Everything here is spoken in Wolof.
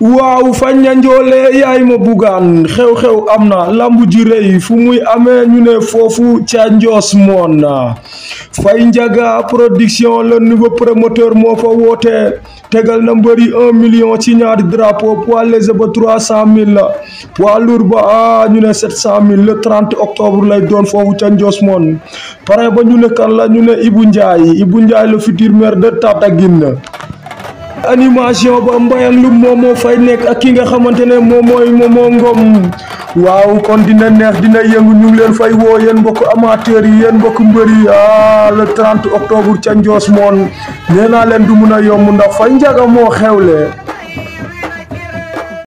waaw fañña njoole yaay ma bugaan xew-xew am na lamb ji rëy fu muy amee ñu ne foofu ca njoos moon fay njaga production le nouveau promoteur moo fa woote tegal na mbëri un million ci ñaari drapeau poids léger ba trois cent mille la poids ba a ah, ñu ne sept cent mille le trente octobre lay doon foofu ca njoos moon pare ba ñu ne kan la ñu ne Ibou Ndiaye Ibou Ndiaye le futur maire de Tataguine animation ba mbayang lum moom fay nekk a ki nga xamante ne moom mooy moomoo ngom waaw kon dina neex dina yëngu ñu ngi leen fay woo yéen mbokk amateur yi yéen mbokk mbër yi ah le 30 octobre ca Ndios moon nee naa leen du mun a yomb ndax fa njaga moo xewle